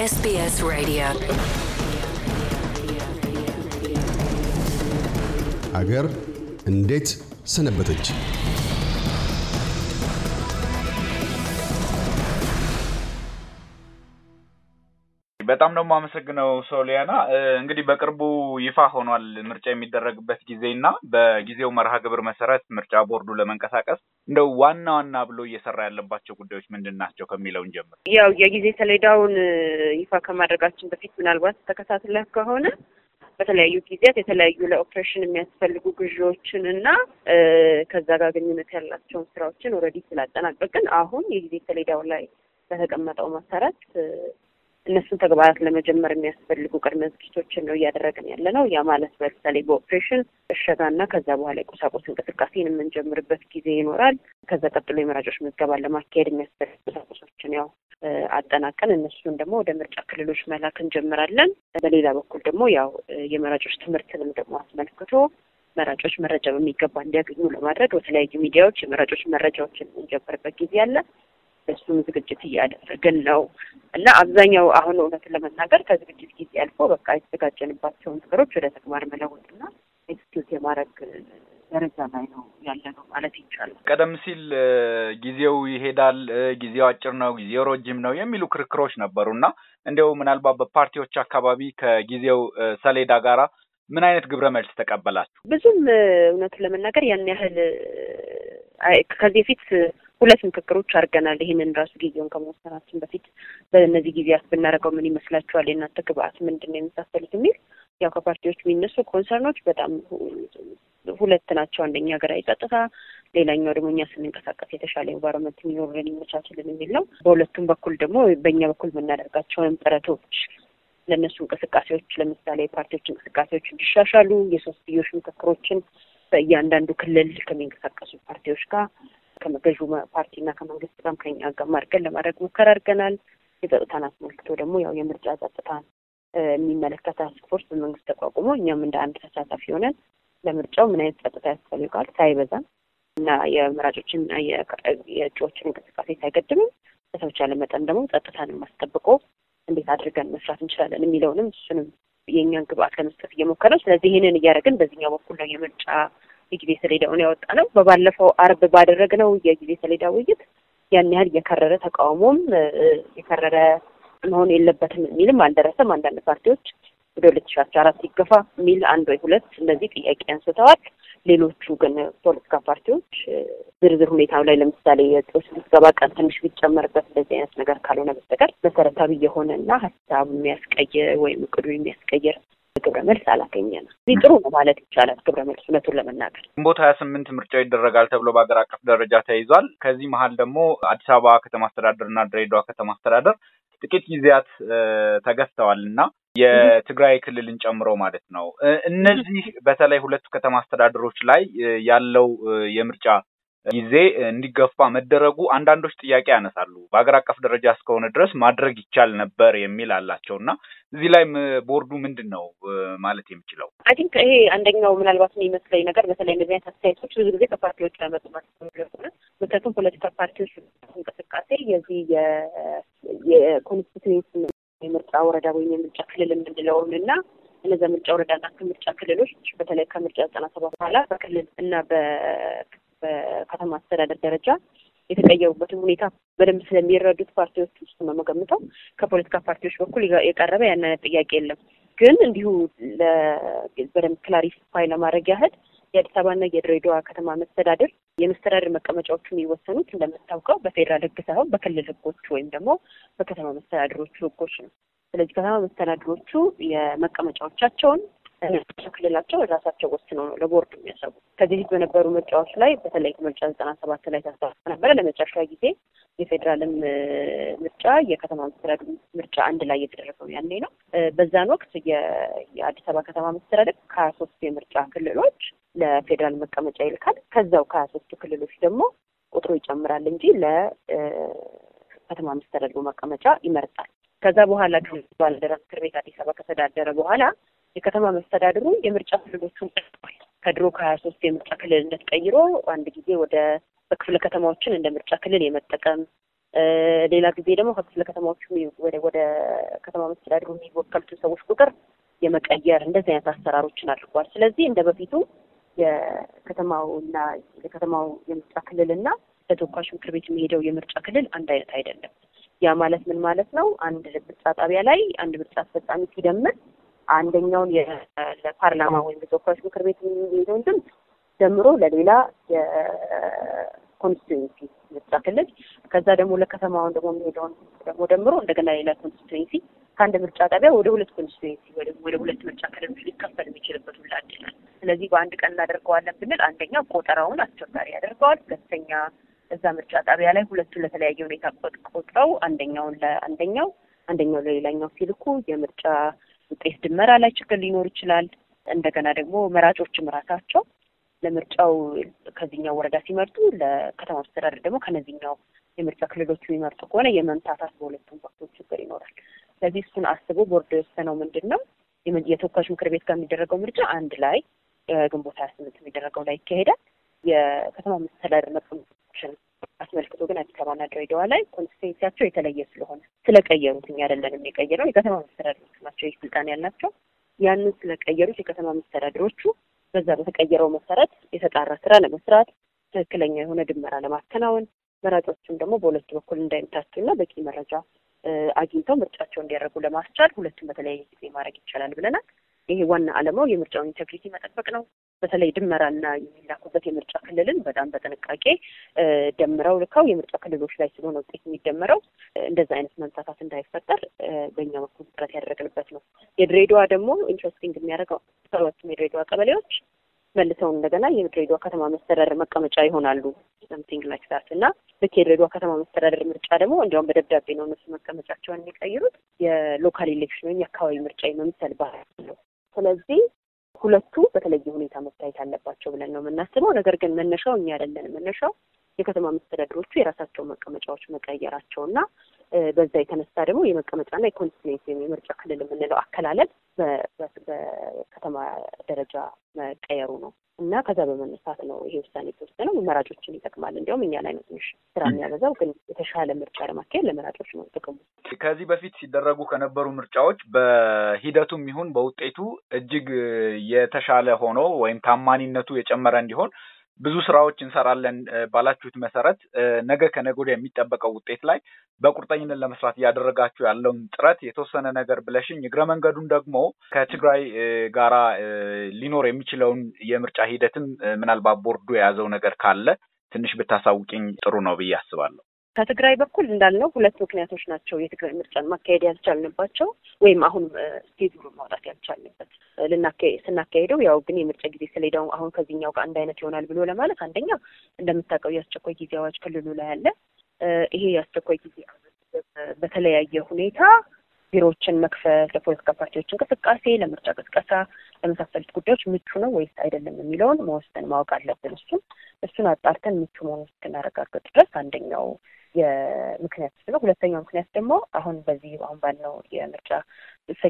SBS Radio. አገር እንዴት ሰነበተች? በጣም ነው የማመሰግነው ሶሊያና። እንግዲህ በቅርቡ ይፋ ሆኗል ምርጫ የሚደረግበት እና በጊዜው መርሃ ግብር መሰረት ምርጫ ቦርዱ ለመንቀሳቀስ እንደው ዋና ዋና ብሎ እየሰራ ያለባቸው ጉዳዮች ምንድን ናቸው ከሚለውን ጀምር። ያው የጊዜ ሰሌዳውን ይፋ ከማድረጋችን በፊት ምናልባት ተከታትለህ ከሆነ በተለያዩ ጊዜያት የተለያዩ ለኦፕሬሽን የሚያስፈልጉ ግዢዎችን እና ከዛ ጋር ግንኙነት ያላቸውን ስራዎችን ኦልሬዲ ስላጠናቀቅን አሁን የጊዜ ሰሌዳው ላይ በተቀመጠው መሰረት እነሱን ተግባራት ለመጀመር የሚያስፈልጉ ቅድመ ዝግጅቶችን ነው እያደረግን ያለ ነው። ያ ማለት በምሳሌ በኦፕሬሽን እሸጋና ከዛ በኋላ የቁሳቁስ እንቅስቃሴን የምንጀምርበት ጊዜ ይኖራል። ከዛ ቀጥሎ የመራጮች ምዝገባን ለማካሄድ የሚያስፈልጉ ቁሳቁሶችን ያው አጠናቀን እነሱን ደግሞ ወደ ምርጫ ክልሎች መላክ እንጀምራለን። በሌላ በኩል ደግሞ ያው የመራጮች ትምህርትንም ደግሞ አስመልክቶ መራጮች መረጃ በሚገባ እንዲያገኙ ለማድረግ በተለያዩ ሚዲያዎች የመራጮች መረጃዎችን የምንጀምርበት ጊዜ አለ። እሱም ዝግጅት እያደረግን ነው እና አብዛኛው አሁን እውነትን ለመናገር ከዝግጅት ጊዜ አልፎ በቃ የተዘጋጀንባቸውን ነገሮች ወደ ተግባር መለወጥና ኤክስኪዩት የማድረግ ደረጃ ላይ ነው ያለ ነው ማለት ይቻላል። ቀደም ሲል ጊዜው ይሄዳል፣ ጊዜው አጭር ነው፣ ጊዜው ረጅም ነው የሚሉ ክርክሮች ነበሩ እና እንዲያው ምናልባት በፓርቲዎች አካባቢ ከጊዜው ሰሌዳ ጋራ ምን አይነት ግብረ መልስ ተቀበላችሁ? ብዙም እውነቱን ለመናገር ያን ያህል ከዚህ ፊት። ሁለት ምክክሮች አድርገናል። ይህንን ራሱ ጊዜውን ከመወሰናችን በፊት በእነዚህ ጊዜያት ብናደርገው ምን ይመስላችኋል? የእናንተ ግብአት ምንድን ነው? የመሳሰሉት የሚል ያው ከፓርቲዎች የሚነሱ ኮንሰርኖች በጣም ሁለት ናቸው። አንደኛ ሀገራዊ ጸጥታ፣ ሌላኛው ደግሞ እኛ ስንንቀሳቀስ የተሻለ ኤንቫይሮንመንት የሚኖረን ይመቻችልን የሚል ነው። በሁለቱም በኩል ደግሞ በእኛ በኩል የምናደርጋቸውን ጥረቶች ለእነሱ እንቅስቃሴዎች ለምሳሌ የፓርቲዎች እንቅስቃሴዎች እንዲሻሻሉ የሶስትዮሽ ምክክሮችን በእያንዳንዱ ክልል ከሚንቀሳቀሱ ፓርቲዎች ጋር ከገዥ ፓርቲና ከመንግስት ጋርም ከኛ ጋር አድርገን ለማድረግ ሙከራ አድርገናል። የጸጥታን አስመልክቶ ደግሞ ያው የምርጫ ጸጥታን የሚመለከት ታስክ ፎርስ በመንግስት ተቋቁሞ እኛም እንደ አንድ ተሳታፊ ሆነን ለምርጫው ምን አይነት ጸጥታ ያስፈልጋል ሳይበዛም እና የመራጮችን የእጩዎችን እንቅስቃሴ ሳይገድምም በተቻለ መጠን ደግሞ ጸጥታን ማስጠብቆ እንዴት አድርገን መስራት እንችላለን የሚለውንም እሱንም የእኛን ግብአት ለመስጠት እየሞከረ ስለዚህ ይህንን እያደረግን በዚህኛው በኩል ነው የምርጫ የጊዜ ሰሌዳውን ያወጣ ነው። በባለፈው አርብ ባደረግነው የጊዜ ሰሌዳ ውይይት ያን ያህል የከረረ ተቃውሞም የከረረ መሆን የለበትም የሚልም አልደረሰም። አንዳንድ ፓርቲዎች ወደ ሁለት ሺ አስራ አራት የሚል አንድ ወይ ሁለት እንደዚህ ጥያቄ አንስተዋል። ሌሎቹ ግን ፖለቲካ ፓርቲዎች ዝርዝር ሁኔታው ላይ ለምሳሌ የጦስ ምዝገባ ቀን ትንሽ ቢጨመርበት እንደዚህ አይነት ነገር ካልሆነ በስተቀር መሰረታዊ የሆነ ሀሳብ የሚያስቀይር ወይም እቅዱ የሚያስቀይር ግብረ መልስ አላገኘንም። እዚህ ጥሩ ነው ማለት ይቻላል ግብረ መልስ እውነቱን ለመናገር ግንቦት ሀያ ስምንት ምርጫው ይደረጋል ተብሎ በሀገር አቀፍ ደረጃ ተይዟል። ከዚህ መሀል ደግሞ አዲስ አበባ ከተማ አስተዳደር እና ድሬዳዋ ከተማ አስተዳደር ጥቂት ጊዜያት ተገዝተዋል እና የትግራይ ክልልን ጨምሮ ማለት ነው። እነዚህ በተለይ ሁለቱ ከተማ አስተዳደሮች ላይ ያለው የምርጫ ጊዜ እንዲገፋ መደረጉ አንዳንዶች ጥያቄ ያነሳሉ። በሀገር አቀፍ ደረጃ እስከሆነ ድረስ ማድረግ ይቻል ነበር የሚል አላቸው እና እዚህ ላይ ቦርዱ ምንድን ነው ማለት የሚችለው? አይ ቲንክ ይሄ አንደኛው ምናልባት የሚመስለኝ ነገር በተለይ እነዚህ አይነት አስተያየቶች ብዙ ጊዜ ከፓርቲዎች ያመጡ ምክንያቱም ፖለቲካ ፓርቲዎች እንቅስቃሴ የዚህ የኮንስቲትዩሽን የምርጫ ወረዳ ወይም የምርጫ ክልል የምንለውን እና እነዚ ምርጫ ወረዳና ምርጫ ክልሎች በተለይ ከምርጫ ዘጠና ሰባት በኋላ በክልል እና በ በከተማ አስተዳደር ደረጃ የተቀየሩበትን ሁኔታ በደንብ ስለሚረዱት ፓርቲዎች ውስጥ ነው የምገምተው። ከፖለቲካ ፓርቲዎች በኩል የቀረበ ያን አይነት ጥያቄ የለም። ግን እንዲሁ በደንብ ክላሪፋይ ለማድረግ ያህል የአዲስ አበባና የድሬዳዋ ከተማ መስተዳድር የመስተዳድር መቀመጫዎቹ የሚወሰኑት እንደምታውቀው በፌዴራል ሕግ ሳይሆን በክልል ሕጎች ወይም ደግሞ በከተማ መስተዳድሮቹ ሕጎች ነው። ስለዚህ ከተማ መስተዳድሮቹ የመቀመጫዎቻቸውን ክልላቸው ራሳቸው ወስነው ነው ለቦርድ የሚያሰቡ። ከዚህ ፊት በነበሩ ምርጫዎች ላይ በተለይ ምርጫ ዘጠና ሰባት ላይ ተሳትፎ ነበረ። ለመጨረሻ ጊዜ የፌዴራልም ምርጫ የከተማ መስተዳደር ምርጫ አንድ ላይ የተደረገው ያኔ ነው። በዛን ወቅት የአዲስ አበባ ከተማ መስተዳደር ከሀያ ሶስቱ የምርጫ ክልሎች ለፌዴራል መቀመጫ ይልካል። ከዛው ከሀያ ሶስቱ ክልሎች ደግሞ ቁጥሩ ይጨምራል እንጂ ለከተማ መስተዳድሩ መቀመጫ ይመርጣል። ከዛ በኋላ ባለደራ ምክር ቤት አዲስ አበባ ከተዳደረ በኋላ የከተማ መስተዳድሩ የምርጫ ክልሎቹን ቀጥሏል። ከድሮ ከሀያ ሶስት የምርጫ ክልልነት ቀይሮ አንድ ጊዜ ወደ በክፍለ ከተማዎችን እንደ ምርጫ ክልል የመጠቀም ሌላ ጊዜ ደግሞ ከክፍለ ከተማዎቹ ወደ ከተማ መስተዳድሩ የሚወከሉትን ሰዎች ቁጥር የመቀየር እንደዚህ አይነት አሰራሮችን አድርጓል። ስለዚህ እንደ በፊቱ የከተማውና የከተማው የምርጫ ክልልና ለተወካዮች ምክር ቤት የሚሄደው የምርጫ ክልል አንድ አይነት አይደለም። ያ ማለት ምን ማለት ነው? አንድ ምርጫ ጣቢያ ላይ አንድ ምርጫ አስፈጻሚ ሲደምር አንደኛውን ለፓርላማ ወይም ለተወካዮች ምክር ቤት የሚሄደውን ድምፅ ደምሮ ለሌላ የኮንስቲቱዌንሲ ምርጫ ክልል ከዛ ደግሞ ለከተማውን ደግሞ የሚሄደውን ደግሞ ደምሮ እንደገና ሌላ ኮንስቲቱዌንሲ ከአንድ ምርጫ ጣቢያ ወደ ሁለት ኮንስቲቱዌንሲ ወደ ሁለት ምርጫ ክልል ሊከፈል የሚችልበት ሁላ አድላል። ስለዚህ በአንድ ቀን እናደርገዋለን ብንል አንደኛ ቆጠራውን አስቸጋሪ ያደርገዋል። ሁለተኛ እዛ ምርጫ ጣቢያ ላይ ሁለቱ ለተለያየ ሁኔታ ቆጥረው አንደኛውን ለአንደኛው አንደኛው ለሌላኛው ሲልኩ የምርጫ ውጤት ድመራ ላይ ችግር ሊኖር ይችላል። እንደገና ደግሞ መራጮችም ራሳቸው ለምርጫው ከዚህኛው ወረዳ ሲመርጡ ለከተማ መስተዳደር ደግሞ ከነዚህኛው የምርጫ ክልሎቹ የሚመርጡ ከሆነ የመምታታት በሁለቱም ወቅቶች ችግር ይኖራል። ስለዚህ እሱን አስቦ ቦርድ የወሰነው ምንድን ነው የተወካዮች ምክር ቤት ጋር የሚደረገው ምርጫ አንድ ላይ ግንቦት ሀያ ስምንት የሚደረገው ላይ ይካሄዳል። የከተማ መስተዳደር መቀመጫዎችን አስመልክቶ ግን አዲስ አበባና ድሬዳዋ ላይ ኮንስቲቴንሲያቸው የተለየ ስለሆነ ስለቀየሩት እኛ አይደለንም የቀየረው የከተማ መስተዳድሮች ናቸው ይህ ስልጣን ያላቸው ያንን ስለቀየሩት የከተማ መስተዳድሮቹ በዛ በተቀየረው መሰረት የተጣራ ስራ ለመስራት ትክክለኛ የሆነ ድመራ ለማከናወን መራጮችም ደግሞ በሁለቱ በኩል እንዳይምታቱና በቂ መረጃ አግኝተው ምርጫቸው እንዲያደርጉ ለማስቻል ሁለቱም በተለያየ ጊዜ ማድረግ ይቻላል ብለናል። ይሄ ዋና ዓላማው የምርጫውን ኢንቴግሪቲ መጠበቅ ነው። በተለይ ድመራና የሚላኩበት የምርጫ ክልልን በጣም በጥንቃቄ ደምረው ልከው የምርጫ ክልሎች ላይ ስለሆነ ውጤት የሚደመረው እንደዛ አይነት መምታታት እንዳይፈጠር በእኛ በኩል ጥረት ያደረግንበት ነው። የድሬዳዋ ደግሞ ኢንትረስቲንግ የሚያደርገው ሰባቱም የድሬዳዋ ቀበሌዎች መልሰው እንደገና የድሬዳዋ ከተማ መስተዳደር መቀመጫ ይሆናሉ። ሰምቲንግ ላይክ ዛት እና ልክ የድሬዳዋ ከተማ መስተዳደር ምርጫ ደግሞ እንዲያውም በደብዳቤ ነው እነሱ መቀመጫቸውን የሚቀይሩት። የሎካል ኢሌክሽን ወይም የአካባቢ ምርጫ የመምሰል ባህል ነው። ስለዚህ ሁለቱ በተለየ ሁኔታ መታየት አለባቸው ብለን ነው የምናስበው። ነገር ግን መነሻው እኛ አይደለን። መነሻው የከተማ መስተዳድሮቹ የራሳቸውን መቀመጫዎች መቀየራቸው እና በዛ የተነሳ ደግሞ የመቀመጫና የኮንስቲትዌንሲ ወይም የምርጫ ክልል የምንለው አከላለል በከተማ ደረጃ መቀየሩ ነው። እና ከዛ በመነሳት ነው ይሄ ውሳኔ የተወሰነው። መራጮችን ይጠቅማል። እንዲያውም እኛ ላይ ነው ትንሽ ስራ የሚያበዛው፣ ግን የተሻለ ምርጫ ለማካሄድ ለመራጮች ነው ጥቅሙ። ከዚህ በፊት ሲደረጉ ከነበሩ ምርጫዎች በሂደቱም ይሁን በውጤቱ እጅግ የተሻለ ሆኖ ወይም ታማኒነቱ የጨመረ እንዲሆን ብዙ ስራዎች እንሰራለን ባላችሁት መሰረት ነገ ከነገ ወዲያ የሚጠበቀው ውጤት ላይ በቁርጠኝነት ለመስራት እያደረጋችሁ ያለውን ጥረት የተወሰነ ነገር ብለሽኝ፣ እግረ መንገዱን ደግሞ ከትግራይ ጋራ ሊኖር የሚችለውን የምርጫ ሂደትም ምናልባት ቦርዱ የያዘው ነገር ካለ ትንሽ ብታሳውቂኝ ጥሩ ነው ብዬ አስባለሁ። ከትግራይ በኩል እንዳልነው ሁለት ምክንያቶች ናቸው የትግራይ ምርጫን ማካሄድ ያልቻልንባቸው ወይም አሁን ስኬጁሉን ማውጣት ያልቻልንበት ስናካሄደው ያው ግን የምርጫ ጊዜ ሰሌዳው አሁን ከዚህኛው ጋር አንድ አይነት ይሆናል ብሎ ለማለት አንደኛ እንደምታውቀው የአስቸኳይ ጊዜ አዋጅ ክልሉ ላይ አለ። ይሄ የአስቸኳይ ጊዜ በተለያየ ሁኔታ ቢሮዎችን መክፈት ለፖለቲካ ፓርቲዎች እንቅስቃሴ፣ ለምርጫ ቅስቀሳ፣ ለመሳሰሉት ጉዳዮች ምቹ ነው ወይስ አይደለም የሚለውን መወሰን ማወቅ አለብን። እሱን እሱን አጣርተን ምቹ መሆኑን እስክናረጋግጥ ድረስ አንደኛው የምክንያት ነው። ሁለተኛው ምክንያት ደግሞ አሁን በዚህ አሁን ባለው የምርጫ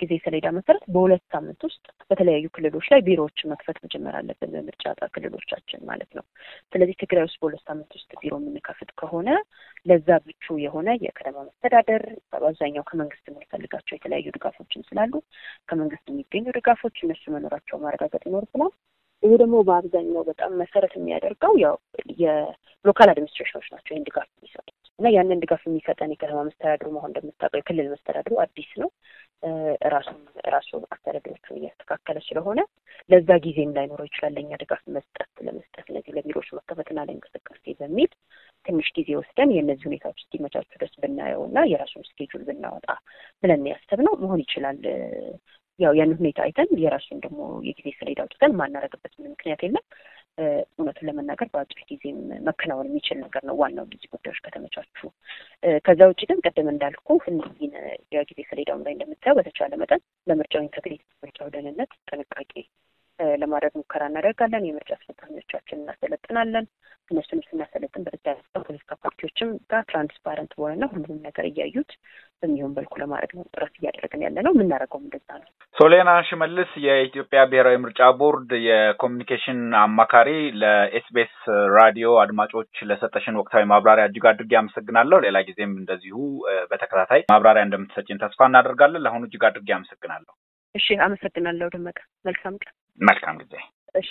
ጊዜ ሰሌዳ መሰረት በሁለት ሳምንት ውስጥ በተለያዩ ክልሎች ላይ ቢሮዎችን መክፈት መጀመር አለብን፣ በምርጫ ክልሎቻችን ማለት ነው። ስለዚህ ትግራይ ውስጥ በሁለት ሳምንት ውስጥ ቢሮ የምንከፍት ከሆነ ለዛ ብቹ የሆነ የከተማ መስተዳደር በአብዛኛው ከመንግስት የምንፈልጋቸው የተለያዩ ድጋፎችን ስላሉ ከመንግስት የሚገኙ ድጋፎች እነሱ መኖራቸው ማረጋገጥ ይኖርብናል። ይሄ ደግሞ በአብዛኛው በጣም መሰረት የሚያደርገው ያው የሎካል አድሚኒስትሬሽኖች ናቸው ይህን ድጋፍ የሚሰጡ እና ያንን ድጋፍ የሚሰጠን የከተማ መስተዳድሩ መሆን እንደምታውቀው የክልል መስተዳድሩ አዲስ ነው። ራሱን ራሱ አስተዳደሮቹን እያስተካከለ ስለሆነ ለዛ ጊዜም ላይኖረው ይችላል ለእኛ ድጋፍ መስጠት ለመስጠት እነዚህ ለቢሮዎች መከፈትና ለእንቅስቃሴ በሚል ትንሽ ጊዜ ወስደን የእነዚህ ሁኔታዎች እስኪመቻቹ ድረስ ብናየው እና የራሱን ስኬጁል ብናወጣ ብለን ያሰብነው መሆን ይችላል። ያው ያን ሁኔታ አይተን የራሱን ደግሞ የጊዜ ሰሌዳ አውጥተን ማናረግበት ምንም ምክንያት የለም። እውነቱን ለመናገር በአጭር ጊዜ መከናወን የሚችል ነገር ነው። ዋናው እነዚህ ጉዳዮች ከተመቻቹ። ከዛ ውጭ ግን ቅድም እንዳልኩ እነዚህን የጊዜ ሰሌዳውም ላይ እንደምታየው በተቻለ መጠን ለምርጫው ኢንተግሪቲ ምርጫው ደህንነት ጥንቃቄ ለማድረግ ሙከራ እናደርጋለን። የምርጫ አስፈጻሚዎቻችን እናሰለጥናለን። እነሱንም ስናሰለጥን በተቻለ ፖለቲካ ፓርቲዎችም ጋር ትራንስፓረንት በሆነና ሁሉም ነገር እያዩት በሚሆን መልኩ ለማድረግ ነው ጥረት እያደረግን ያለ ነው። የምናደርገው እንደዛ ነው። ሶሊያና ሽመልስ የኢትዮጵያ ብሔራዊ ምርጫ ቦርድ የኮሚኒኬሽን አማካሪ፣ ለኤስቢኤስ ራዲዮ አድማጮች ለሰጠሽን ወቅታዊ ማብራሪያ እጅግ አድርጌ አመሰግናለሁ። ሌላ ጊዜም እንደዚሁ በተከታታይ ማብራሪያ እንደምትሰጭን ተስፋ እናደርጋለን። ለአሁኑ እጅግ አድርጌ አመሰግናለሁ። እሺ፣ አመሰግናለሁ ደመቀ። መልካም ቀን። መልካም ጊዜ። እሺ።